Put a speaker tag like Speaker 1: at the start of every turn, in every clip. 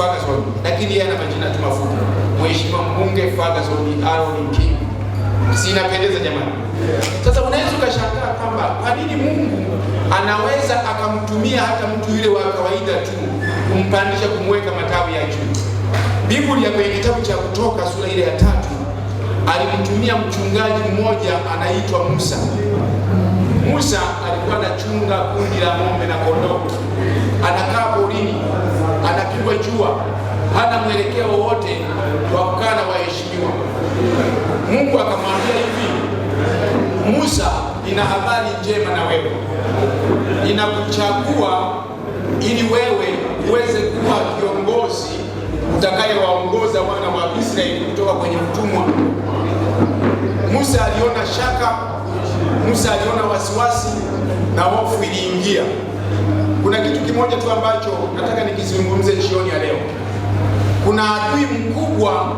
Speaker 1: Ferguson, lakini yeye ana majina tu mafupi, mheshimiwa mbunge Ferguson Aaron King. Sinapendeza jamani? Sasa unaweza ukashangaa kwamba kwa nini Mungu anaweza akamtumia hata mtu yule wa kawaida tu kumpandisha, kumweka matawi ya juu. Biblia kwenye kitabu cha Kutoka sura ile ya tatu alimtumia mchungaji mmoja anaitwa Musa. Musa alikuwa anachunga kundi la ng'ombe na kondoo, anakaa porini kubwa jua, hana mwelekeo wowote wa kukaa na waheshimiwa. Mungu akamwambia hivi, Musa, ina habari njema na wewe, inakuchagua ili wewe uweze kuwa kiongozi utakayewaongoza wana wa Israeli kutoka kwenye utumwa. Musa aliona shaka, Musa aliona wasiwasi na hofu iliingia. Kuna kitu kimoja tu ambacho nataka nikizungumze jioni ya leo. Kuna adui mkubwa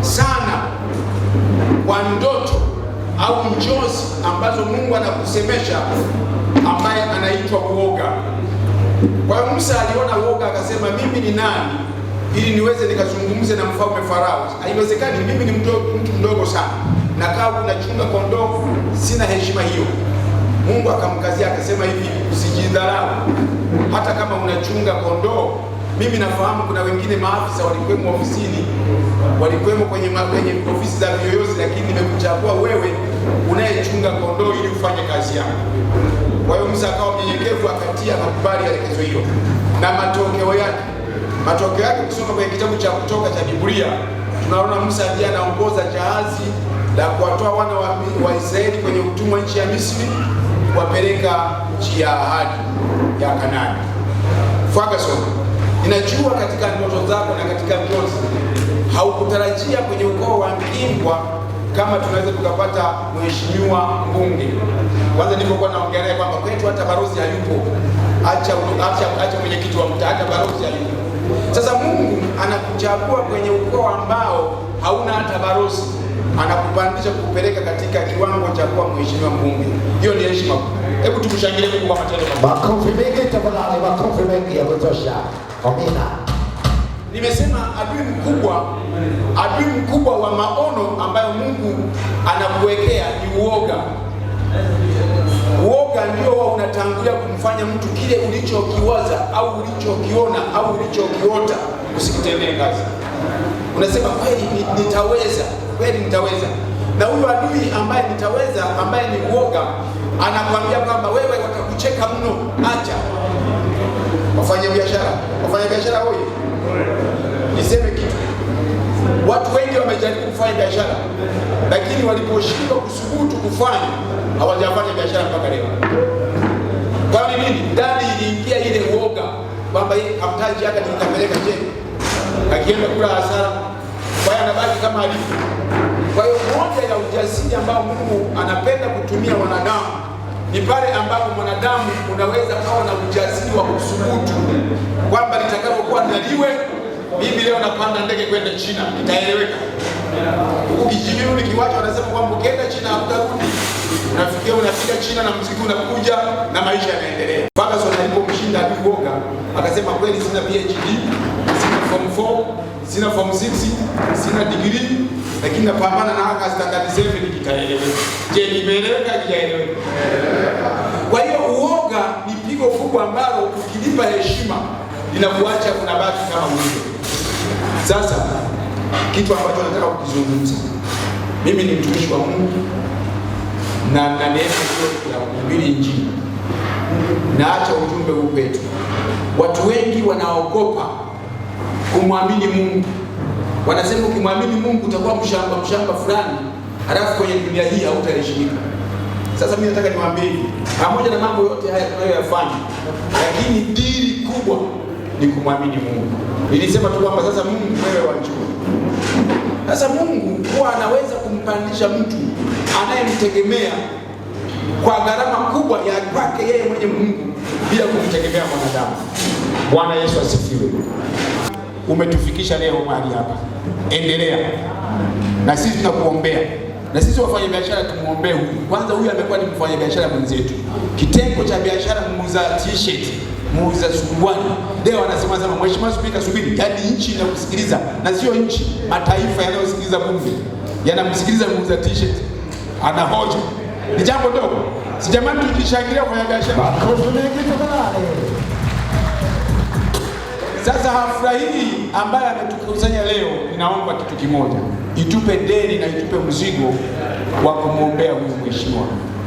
Speaker 1: sana wa ndoto au njozi ambazo Mungu anakusemesha ambaye anaitwa uoga. Kwa hiyo Musa aliona uoga akasema, mimi ni nani ili niweze nikazungumze na mfalme Farao? Haiwezekani, mimi ni mtu mdogo sana, nakaa kuna chunga kondoo, sina heshima hiyo. Mungu akamkazia akasema hivi, usijidharau hata kama unachunga kondoo. Mimi nafahamu kuna wengine maafisa walikwemo ofisini, walikwemo kwenye kwenye ofisi za vyoyozi, lakini nimekuchagua wewe unayechunga kondoo ili ufanye kazi yako. Kwa hiyo Musa akawa mnyenyekevu, akatia ya elekezo hiyo na matokeo yake matokeo yake kusoma kwenye kitabu cha Kutoka cha Biblia tunaona Musa ndiye anaongoza jahazi la kuwatoa wana wa Israeli kwenye utumwa nchi ya Misri kuwapeleka nchi ya ahadi ya Kanani. Ferguson, ninajua katika ndoto zako na katika ndoto haukutarajia kwenye ukoo wa Mpingwa kama tunaweza tukapata mheshimiwa mbunge. Kwanza nilipokuwa naongea naye kwamba kwetu hata barozi hayupo, acha acha acha mwenyekiti wa mtaa, hata barozi hayupo. Sasa Mungu anakuchagua kwenye ukoo ambao hauna hata barozi, anakupandisha kukupeleka katika kiwa kuwa mheshimiwa mbunge. Hiyo ni heshima. Hebu tumshangilie Mungu kwa matendo makubwa.
Speaker 2: Makofi mengi tafadhali, makofi mengi ya kutosha. Amina.
Speaker 1: Nimesema adui mkubwa, adui mkubwa wa maono ambayo Mungu anakuwekea ni uoga. Uoga ndio wa unatangulia kumfanya mtu kile ulichokiwaza au ulichokiona au ulichokiota usikitendee kazi. Unasema kweli nitaweza, kweli nitaweza na huyu adui ambaye nitaweza, ambaye ni uoga, anakuambia kwamba wewe watakucheka mno, acha. Wafanya biashara, wafanya biashara hoyi, niseme kitu, watu wengi wamejaribu kufanya biashara, lakini waliposhindwa kusubutu kufanya hawajafanya biashara mpaka leo. Kwani nini? Ndani iliingia ile uoga kwamba hamtaji hata nikapeleka je, akienda kula hasara, kwa anabaki kama alivyo moja ya ujasiri ambao Mungu anapenda kutumia wanadamu ni pale ambapo mwanadamu unaweza kuwa na ujasiri wa kusubutu kwamba nitakapokuwa naliwe mimi leo napanda ndege kwenda China, itaeleweka. Ukijimiu kiwacho wanasema kwamba ukienda China hautarudi. Unafikia unafika China na mziki unakuja na maisha yanaendelea. Mpaka Sona alipomshinda adui woga akasema, kweli sina PhD form 4, sina form 6, sina degree, lakini napambana na haka standard 7 kitaeleweka. Je, nimeeleweka kijaeleweka? Kwa hiyo uoga ni pigo kubwa ambalo ukilipa heshima linakuacha kuna baki kama mwisho. Sasa kitu ambacho nataka kukizungumza, mimi ni mtumishi wa Mungu na na neema ya kuhubiri Injili, naacha ujumbe huu kwetu. Watu wengi wanaogopa kumwamini Mungu. Wanasema ukimwamini Mungu utakuwa mshamba mshamba fulani, halafu kwenye dunia hii hautaheshimika. Sasa mimi nataka niwaambie pamoja na mambo yote haya tunayoyafanya, lakini dili kubwa ni kumwamini Mungu. Nilisema tu kwamba sasa Mungu wewe wajua. Sasa Mungu huwa anaweza kumpandisha mtu anayemtegemea kwa gharama kubwa ya kwake yeye mwenye Mungu bila kumtegemea mwanadamu. Bwana Yesu asifiwe umetufikisha leo mahali hapa, endelea na sisi tunakuombea na sisi biashara tumuombee huyu kwanza. Huyu amekuwa ni mfanyabiashara mwenzetu, kitengo cha biashara, muuza t-shirt, muuza suruali. Leo anasema sana, Mheshimiwa Spika, subiri, yaani nchi inakusikiliza na sio nchi, mataifa yanayosikiliza bunge yanamsikiliza muuza t-shirt, ana hoja. Ni jambo dogo, si jamani, tukishangilia wafanyabiashara sasa hafla hii ambayo ametukusanya leo, inaomba kitu kimoja, itupe deni na itupe mzigo wa kumwombea huyu mheshimiwa.